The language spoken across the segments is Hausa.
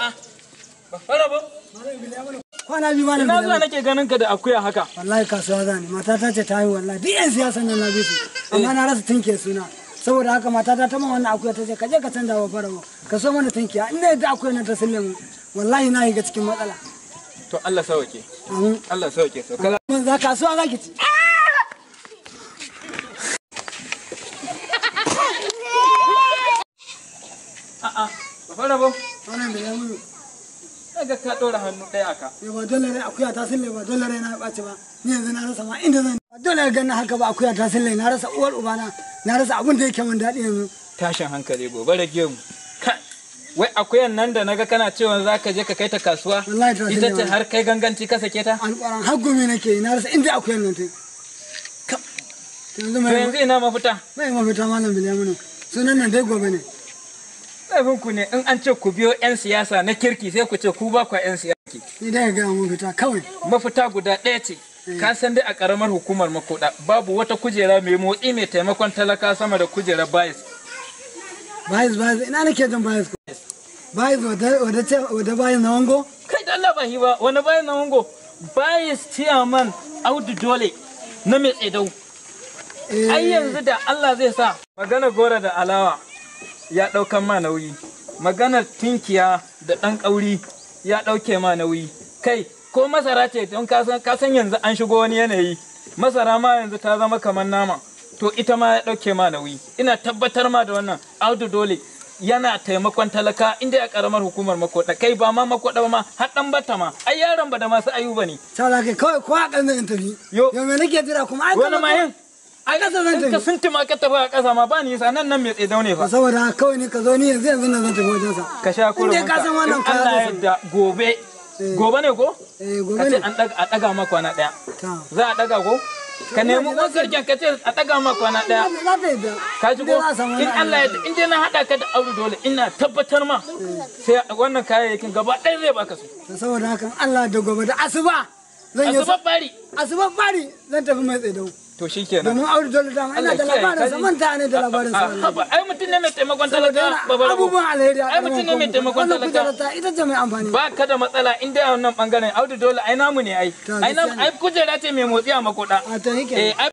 A'a. Ba fara ba. Kwana biyu ma na Ina nake ganin ka da akuya haka. Wallahi kasuwa za ni. Matata ce ta yi wallahi. Duk 'yan siyasan nan na bi Amma eh. na rasa tunke suna. saboda haka matata ta ma wannan akuya ta ce ka je ka canza wa farawa ka so mana tankiya inda yadda akuya na ta sille mu wallahi na yi ga cikin matsala to Allah sauke Allah sauke so za ka so za ki ci ah! a'a ka fara bau wannan da ya mutu daga ka ɗora hannu ɗaya aka yawa dole ne akuya ta sille ba dole ne na ɓaci ba ni yanzu na rasa ma inda zan dole ga na haka ba akuya ta sille na rasa uwar ubana na rasa abin da yake min daɗi yanzu tashin hankali gobe rage mu wai akuyan nan da naga kana cewa za ka je ka kai ta kasuwa ita ce har kai ganganci ka sake ta alƙwaran har gumi nake na rasa inda akuyan nan ta yanzu ina mafita mai mafita malam bilaminu sunan nan dai gobe ne laifin ne in an ce ku biyo 'yan siyasa na kirki sai ku ce ku ba kwa 'yan siyasa. Idan ga mafita kawai. Mafita guda ɗaya ce. Eh. Ka san dai a ƙaramar hukumar makoda babu wata kujera mai motsi mai taimakon talaka sama da kujerar bayis. Bayis bayis ina nake jin bayis. Bayis wadda bayis na wango? Kai da Allah ba ba wani bayis na wango. Bayis ciyaman Audu Dole na mai tsedau. Eh. Ai yanzu da Allah zai sa magana gora da alawa. ya ɗaukan ma nauyi maganar tinkiya da ɗan ƙauri ya ɗauke ma nauyi kai ko masara ce don kasan yanzu an shigo wani yanayi masara ma yanzu ta zama kamar nama to ita ma ya ɗauke ma nauyi ina tabbatar ma da wannan audu dole yana taimakon talaka inda ya karamar hukumar makoda kai ba ma makoda ma har dan bata ma ai yaron ba da masu ayuba ne talaka kawai ko a kan da tafi yo yau me nake jira kuma ai wani mahim a ƙasa zan tafi ka sun tuma ka tafi a ƙasa ma ba ni yasa nan nan mai tsaye ne fa saboda kawai ne ka zo ni yanzu yanzu na zan tafi wajen sa ka sha kurin ka san wannan ka Allah yadda gobe eh. gobe ne ko eh gobe ne an daga a daga ma kwana daya za a daga ko ka nemi uwan sarkin ka ce a daga ma kwana daya ka ji ko in Allah ya in dai na hada ka da aure dole ina tabbatar ma eh. sai wannan kayayyakin gaba ɗaya zai baka su saboda hakan Allah da gobe da asuba zan yi asuba bari asuba bari zan tafi mai tsaye to shi shikenan domin auri dole dama ina da labarin sa manta ne da labarin ah, sa haba ai mutum ne mai taimakon talaka baba abubuwan alheri ai mutum ne mai taimakon talaka ita ce mai amfani ba ka da matsala in dai a wannan bangaren auri dole ai namu ne ai ai kujera ce mai motsi a makoda a to shikenan eh,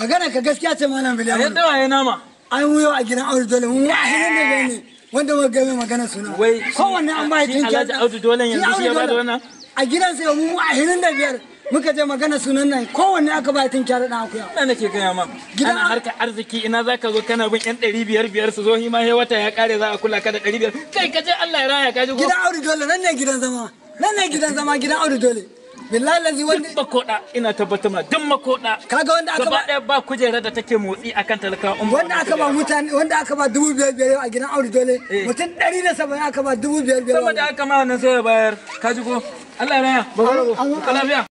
magana ka gaskiya ce malam bilamu yadda waye nama an wuyo a gidan audu dole mu a hinin da ne wanda mu game magana suna wai kowanne an ba shi alhaji audu dole yanzu shi ya bada wannan a gidan sai mu a hinin da biyar muka je magana sunan nan kowanne aka ba tun kyara dan akuya ina nake gaya ma ana harka arziki ina zaka zo kana bin yan ɗari biyar biyar su zo ma he wata ya kare za a kula ka da ɗari kai ka je Allah ya raya ka ji gidan audu dole nan ne gidan zama nan ne gidan zama gidan audu dole billahi lazi wani duk makoda ina tabbatar ma duk makoda kaga wanda aka ba daya ba kujerar da take motsi akan talaka wanda aka ba mutane wanda aka ba dubu biyar biyar a gidan aure dole eh. mutum ɗari da saba'in aka ba dubu biyar biyar saboda aka ma wannan sai ya bayar ka ji ko Allah ya raya ba ba ba